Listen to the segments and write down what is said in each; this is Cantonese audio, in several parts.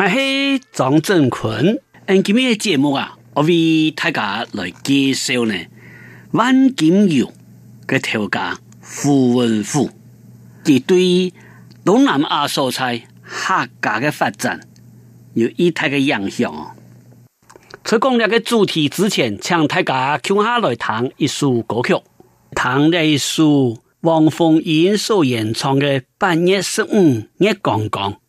我是張振坤，今日嘅節目啊，我為大家來介紹呢，萬金油嘅大王胡文虎，係對於東南亞蔬菜客家的發展有一定嘅影響。在講呢個主題之前，請大家聽下來彈一首歌曲，彈呢一首汪峰原首演唱的《八月十五夜剛剛》。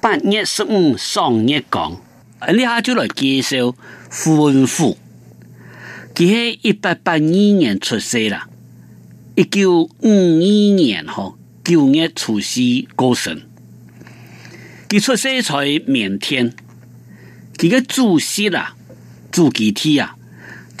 八月十五，雙月港，你下面就來介紹胡文虎。佢係一八八二年出生啦，一九五一年吼九月初四過生。佢出生在緬甸，佢嘅祖籍啦，祖籍地啊。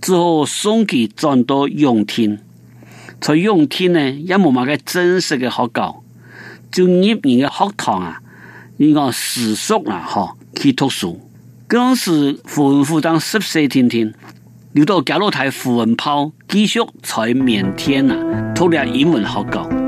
之後送佢轉到永天，在永天呢也冇乜嘅正式的學校，就業餘嘅學堂啊，呢個私塾啊，嗬，去讀書。當時胡文虎當十四天天，留到教老台胡文豹，繼續在緬甸啊，讀了英文學校。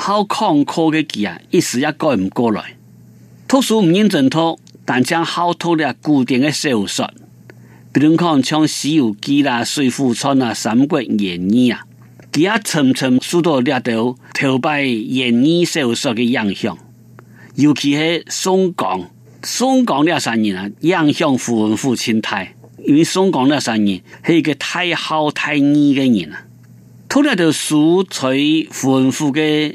好坎坷嘅字啊，一時也改唔過來。讀書唔應盡讀，但將好托嘅固定嘅小說，比如講《像西遊記》啦、《水滸傳》啊、《三國演義》啊，佢阿層層數到呢度，頭擺演義小說嘅影響。尤其係宋江，宋江呢三年啊，影響胡文虎心態，因為宋江呢三年是一、那個太好太膩嘅人啊，同呢就數取胡文虎嘅。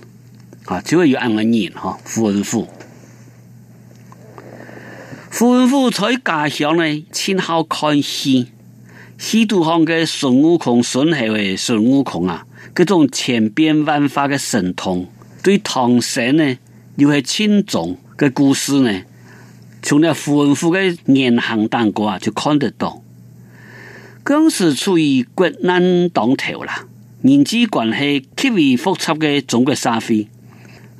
啊，主要要按個年嗬，胡文虎，胡文虎在家鄉呢，勤好看戲，許圖項嘅孫悟空，孫猴孫悟空啊，各種千變萬化的神通，對唐僧呢，又係千重的故事呢，從呢胡文虎的言行當過啊，就看得到，更是處於國難當頭啦，人際關係極為複雜的中國社會。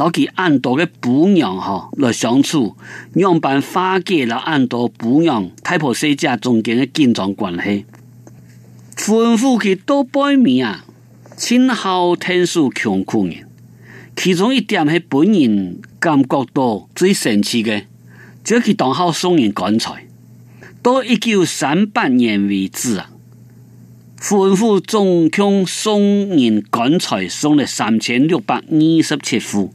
老佢安多嘅姑娘哈來相處，娘班花嫁啦，安多姑娘，太婆世家中間的緊張關係，胡文虎多拜年啊，前後天數窮窮人，其中一點係本人感覺到最神奇的，就係當號送人棺材，到一九三八年為止啊，胡文虎總共送人棺材，送了三千六百二十七副。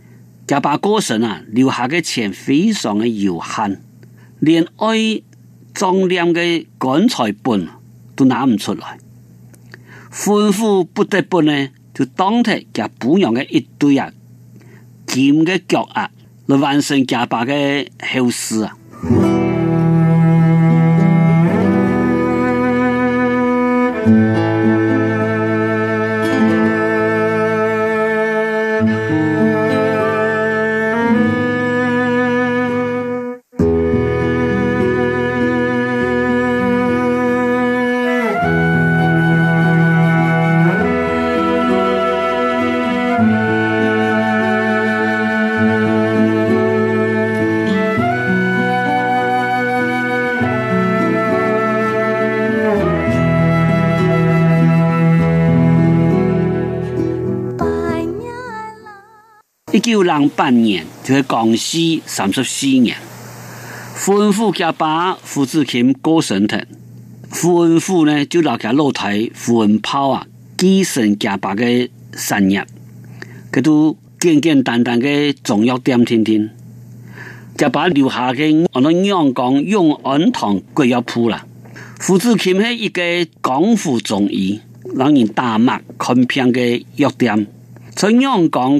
家爸過身啊，留下嘅錢非常嘅有限，連愛裝殮嘅棺材本都拿唔出來，歡呼不得不呢，就當替家補養嘅一堆啊，金嘅腳啊，來完成家爸嘅後事。啊。一九零八年，就係、是、光緒三十四年。胡文虎家爸胡子欽過身庭，胡文虎呢就留下老台，胡文豹啊，繼承家爸的產業。佢都簡簡單單嘅中藥店聽聽，就把留下嘅我哋仰光永安堂國藥鋪啦。胡子欽係一個廣府中醫，兩年搭脈看病的藥店，喺仰光。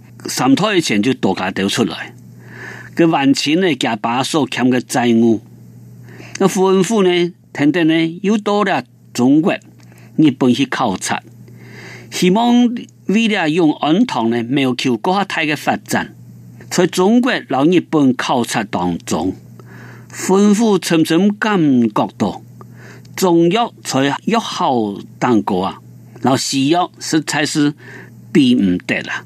三托的錢就獨家掉出來，佢還錢呢，加把所欠嘅債務，那胡文虎呢，天天呢又到了中國、日本去考察，希望為了永安堂呢謀求更大嘅發展，在中國老日本考察當中，胡文虎層層感覺到，中藥在藥效當過啊，老西藥實在是比唔得啦。